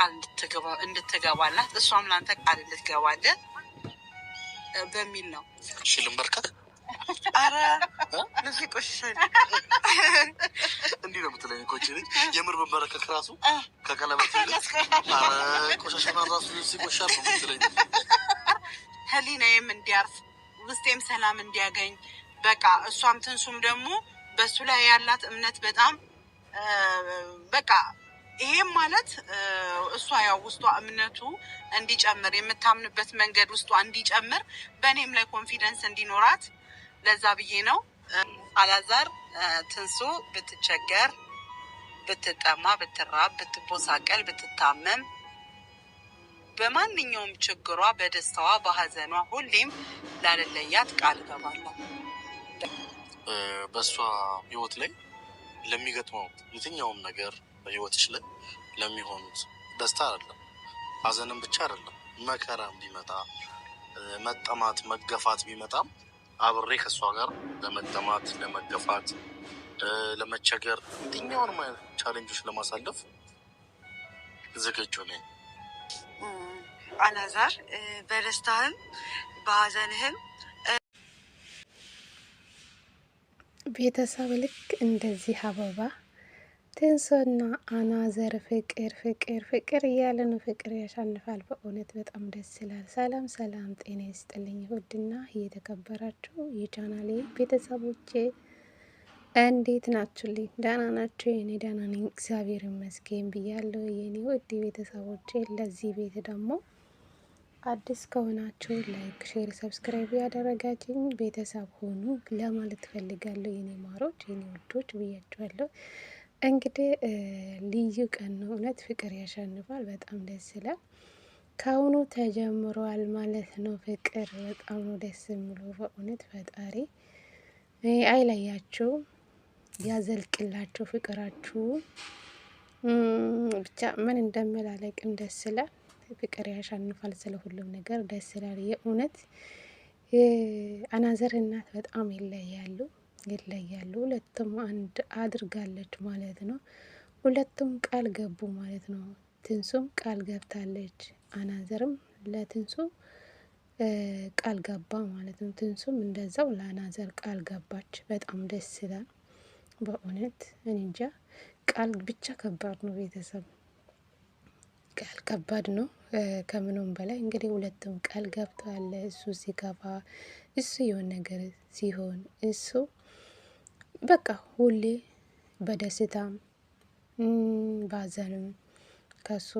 ቃል እንድትገባላት እሷም ለአንተ ቃል እንድትገባልህ በሚል ነው። ሽልም በርካት አረ ልጅ ቆሻል እንዲህ ነው የምትለኝ። ኮች የምር ብመረከክ ራሱ ከቀለበት ቆሻሻና ራሱ ልብስ ሲቆሻል ነው የምትለኝ። ህሊናዬም እንዲያርፍ ውስጤም ሰላም እንዲያገኝ በቃ እሷም ትንሱም ደግሞ በእሱ ላይ ያላት እምነት በጣም በቃ ይሄም ማለት እሷ ያው ውስጧ እምነቱ እንዲጨምር የምታምንበት መንገድ ውስጧ እንዲጨምር በእኔም ላይ ኮንፊደንስ እንዲኖራት ለዛ ብዬ ነው። አላዛር ትንሱ ብትቸገር፣ ብትጠማ፣ ብትራብ፣ ብትቦሳቀል፣ ብትታመም በማንኛውም ችግሯ፣ በደስታዋ፣ በሀዘኗ ሁሌም ላለለያት ቃል እገባለሁ። በእሷ ህይወት ላይ ለሚገጥመው የትኛውም ነገር በህይወትሽ ላይ ለሚሆኑት ደስታ አይደለም፣ ሀዘንም ብቻ አይደለም። መከራም ቢመጣ መጠማት፣ መገፋት ቢመጣም አብሬ ከእሷ ጋር ለመጠማት፣ ለመገፋት፣ ለመቸገር የትኛውንም አይነት ቻሌንጆች ለማሳለፍ ዝግጁ ነኝ። አላዛር በደስታህም በሀዘንህም ቤተሰብ ልክ እንደዚህ አበባ ትንሶና አናዘር ፍቅር ፍቅር ፍቅር ነው። ፍቅር ያሸንፋል። በእውነት በጣም ደስ ይላል። ሰላም ሰላም፣ ጤና ይስጥልኝ ውድና እየተከበራችሁ የቻናሌ ቤተሰቦቼ እንዴት ናችሁልኝ? ደህና ናችሁ? የኔ ደህና ነኝ እግዚአብሔር ይመስገን ብያለሁ። የኔ ውድ ቤተሰቦቼ ለዚህ ቤት ደግሞ አዲስ ከሆናችሁ ላይክ፣ ሼር፣ ሰብስክራይብ ያደረጋችኝ ቤተሰብ ሆኑ ለማለት ፈልጋለሁ። የኔ ማሮች፣ የኔ ውዶች ብያችኋለሁ። እንግዲህ ልዩ ቀን ነው። እውነት ፍቅር ያሸንፋል። በጣም ደስ ይላል። ከአሁኑ ተጀምሯል ማለት ነው። ፍቅር በጣም ነው ደስ የሚሉ በእውነት ፈጣሪ አይለያችሁ፣ ያዘልቅላችሁ ፍቅራችሁ። ብቻ ምን እንደምላላቅም ደስ ይላል። ፍቅር ያሸንፋል። ስለ ሁሉም ነገር ደስ ይላል። የእውነት አናዘር እናት በጣም ይለያሉ። ይለያሉ። ሁለቱም አንድ አድርጋለች ማለት ነው። ሁለቱም ቃል ገቡ ማለት ነው። ትንሱም ቃል ገብታለች፣ አናዘርም ለትንሱ ቃል ገባ ማለት ነው። ትንሱም እንደዛው ለአናዘር ቃል ገባች። በጣም ደስ ይላል በእውነት እንጃ። ቃል ብቻ ከባድ ነው ቤተሰብ ቃል ከባድ ነው። ከምኖም በላይ እንግዲህ ሁለቱም ቃል ገብተዋል። እሱ ሲገባ፣ እሱ የሆን ነገር ሲሆን፣ እሱ በቃ ሁሌ በደስታም ባዘንም ከሱ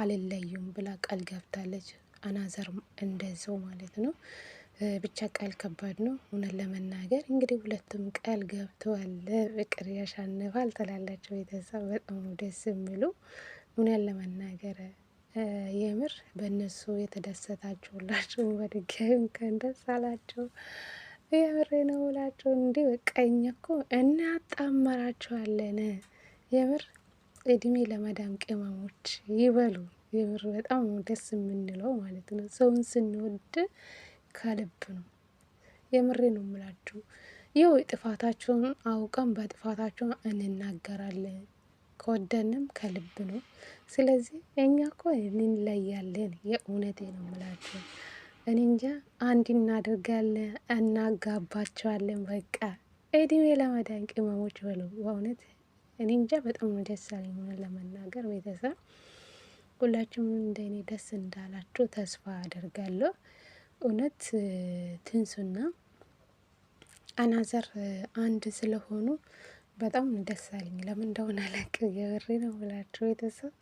አልለዩም ብላ ቃል ገብታለች። አናዘር እንደዘው ማለት ነው። ብቻ ቃል ከባድ ነው እውነት ለመናገር እንግዲህ ሁለቱም ቃል ገብተዋል። ፍቅር ያሸንፋል ትላላቸው ቤተሰብ በጣም ደስ የሚሉ እውነት ለመናገር የምር በእነሱ የተደሰታችሁላችሁ በድጋሚ እንኳን ደስ አላችሁ። የምሬ ነው ብላችሁ እንዲህ በቃ እኛ እኮ እናጣመራችኋለን። የምር እድሜ ለመዳም ቅመሞች ይበሉ። የምር በጣም ደስ የምንለው ማለት ነው። ሰውን ስንወድ ከልብ ነው። የምሬ ነው ምላችሁ። ይኸው ጥፋታቸውን አውቀን በጥፋታቸው እንናገራለን። ከወደንም ከልብ ነው። ስለዚህ እኛ እኮ እኔን እንለያለን። የእውነቴ ነው የምላችሁ። እኔ እንጃ አንድ እናደርጋለን፣ እናጋባቸዋለን። በቃ እድሜ ለመዳን ቅመሞች በሉ። በእውነት እኔ እንጃ በጣም ነው ደስ ያለኝ ለመናገር ቤተሰብ ሁላችሁም እንደኔ ደስ እንዳላችሁ ተስፋ አደርጋለሁ። እውነት ትንሱና አናዘር አንድ ስለሆኑ በጣም ደስ አለኝ። ለምን እንደሆነ አላውቅም። የብሬ ነው ብላችሁ ቤተሰብ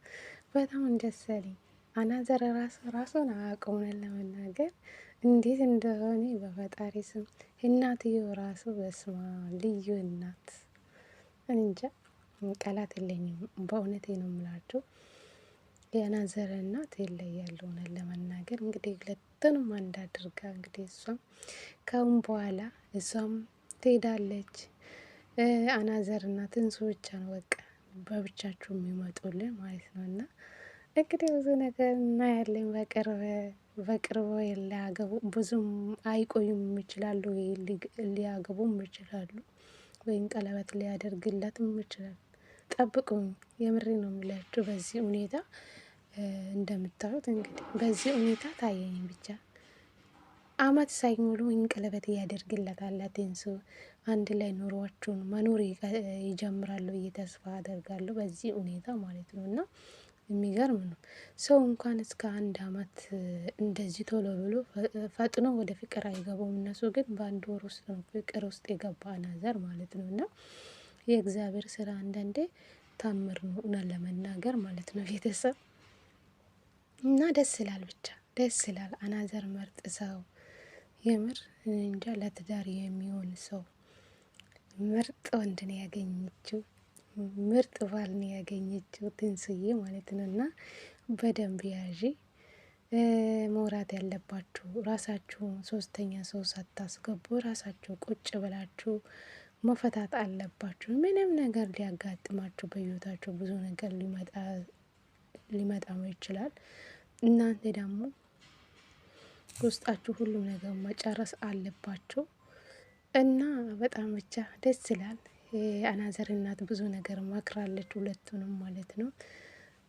በጣም ደስ አለኝ። አናዘር ራሱ ራሱን አያውቀውም ለመናገር እንዴት እንደሆነ በፈጣሪ ስም እናትየው ራሱ በስማ ልዩ እናት እንጃ ቃላት የለኝም። በእውነቴ ነው የምላችሁ የናዘረ እናት ይለያል። ሆነ ለመናገር እንግዲህ ሁለቱንም አንድ አድርጋ እንግዲህ እሷም ከአሁን በኋላ እሷም ትሄዳለች አናዘር እና ትንሱ ብቻ ነው በቃ በብቻቸው የሚመጡልን ማለት ነው። እና እንግዲህ ብዙ ነገር እናያለን በቅርብ በቅርብ ሊያገቡ ብዙም አይቆዩም ይችላሉ፣ ሊያገቡም ይችላሉ፣ ወይም ቀለበት ሊያደርግላትም ይችላል። ጠብቁኝ፣ የምሬ ነው የሚላችሁ። በዚህ ሁኔታ እንደምታዩት እንግዲህ በዚህ ሁኔታ ታየኝ ብቻ አመት ሳይሞሉ ወይም ቀለበት እያደርግላታላት ትንሱ አንድ ላይ ኑሯቸውን መኖር ይጀምራሉ ብዬ ተስፋ አደርጋለሁ። በዚህ ሁኔታ ማለት ነው እና የሚገርም ነው። ሰው እንኳን እስከ አንድ አመት እንደዚህ ቶሎ ብሎ ፈጥኖ ወደ ፍቅር አይገባውም። እነሱ ግን በአንድ ወር ውስጥ ነው ፍቅር ውስጥ የገባ አናዘር ማለት ነው። እና የእግዚአብሔር ስራ አንዳንዴ ታምር ነው እውነት ለመናገር ማለት ነው። ቤተሰብ እና ደስ ይላል ብቻ ደስ ይላል አናዘር መርጥ ሰው የምር እንጃ ለትዳር የሚሆን ሰው ምርጥ ወንድ ነው ያገኘችው፣ ምርጥ ባል ነው ያገኘችው ትንስዬ ማለት ነው። እና በደንብ ያዥ መውራት ያለባችሁ ራሳችሁ፣ ሶስተኛ ሰው ሳታስገቡ ራሳችሁ ቁጭ ብላችሁ መፈታት አለባችሁ። ምንም ነገር ሊያጋጥማችሁ በህይወታችሁ ብዙ ነገር ሊመጣ ይችላል። እናንተ ደግሞ ውስጣችሁ ሁሉም ነገር መጨረስ አለባችሁ። እና በጣም ብቻ ደስ ይላል። አናዘር እናት ብዙ ነገር ማክራለች ሁለቱንም ማለት ነው።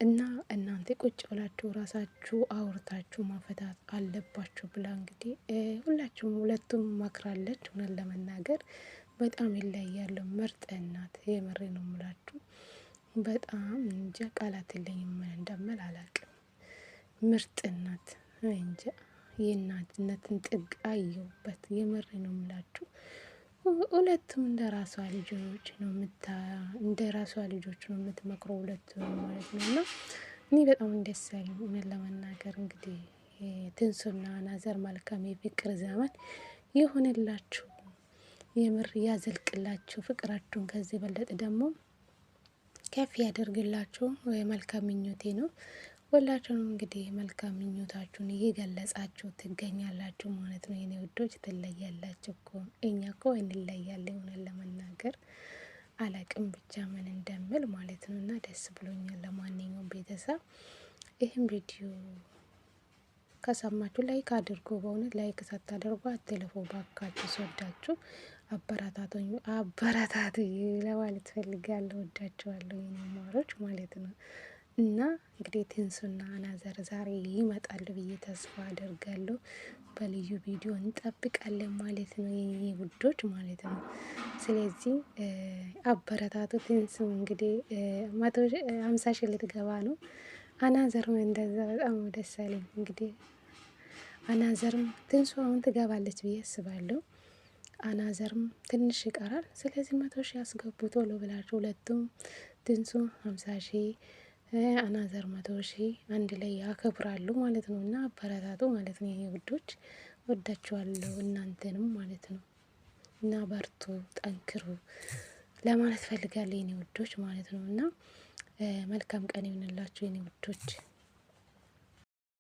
እና እናንተ ቁጭ ብላችሁ ራሳችሁ አውርታችሁ ማፈታት አለባችሁ ብላ እንግዲህ ሁላችሁም ሁለቱም ማክራለች። ሁነን ለመናገር በጣም ይለያሉ። ምርጥ እናት የምሬ ነው የምላችሁ። በጣም እንጃ ቃላት የለኝም ምን እንደምል አላውቅም። ምርጥ እናት እንጃ የእናትነትን ጥግ አየሁበት። የምሬ ነው የምላችሁ። ሁለቱም እንደ ራሷ ልጆች ነው የምታ እንደ ራሷ ልጆች ነው የምትመክረው ሁለቱ ማለት ነው። እና እኔ በጣም ደስ ያለኝ ለመናገር እንግዲህ ትንሱና ናዘር መልካም የፍቅር ዘመን የሆነላችሁ የምር ያዘልቅላችሁ፣ ፍቅራችሁን ከዚህ በለጥ ደግሞ ከፍ ያደርግላችሁ መልካም ምኞቴ ነው። ሁላችሁንም እንግዲህ መልካም ምኞታችሁን እየገለጻችሁ ትገኛላችሁ ማለት ነው። የኔ ውዶች ትለያላችሁ እኮ እኛ እኮ እንለያለን። ሆነን ለመናገር አላቅም ብቻ ምን እንደምል ማለት ነው። እና ደስ ብሎኛል። ለማንኛውም ቤተሰብ ይህም ቪዲዮ ከሰማችሁ ላይክ አድርጎ በእውነት ላይክ ሳታደርጉ አትልፎ ባካችሁ። ስወዳችሁ አበረታቶኝ አበረታቱ ለማለት ፈልጋለሁ። ወዳችኋለሁ የኔ ማሮች ማለት ነው። እና እንግዲህ ትንሱና አናዘር ዛሬ ይመጣሉ ብዬ ተስፋ አደርጋለሁ። በልዩ ቪዲዮ እንጠብቃለን ማለት ነው፣ የኔ ውዶች ማለት ነው። ስለዚህ አበረታቱ። ትንሱ እንግዲህ መቶ ሀምሳ ሺህ ልትገባ ነው። አናዘርም እንደዛ በጣም ደስ አለኝ። እንግዲህ አናዘርም ትንሱ አሁን ትገባለች ብዬ አስባለሁ። አናዘርም ትንሽ ይቀራል። ስለዚህ መቶ ሺህ ያስገቡ ቶሎ ብላችሁ ሁለቱም ትንሱ ሀምሳ ሺህ አናዘር መቶ ሺህ አንድ ላይ ያከብራሉ ማለት ነው። እና አበረታቱ ማለት ነው። ይሄ ውዶች ወዳችኋለሁ፣ እናንተንም ማለት ነው። እና በርቱ፣ ጠንክሩ ለማለት ፈልጋለሁ የኔ ውዶች ማለት ነው። እና መልካም ቀን ይሆንላችሁ የኔ ውዶች።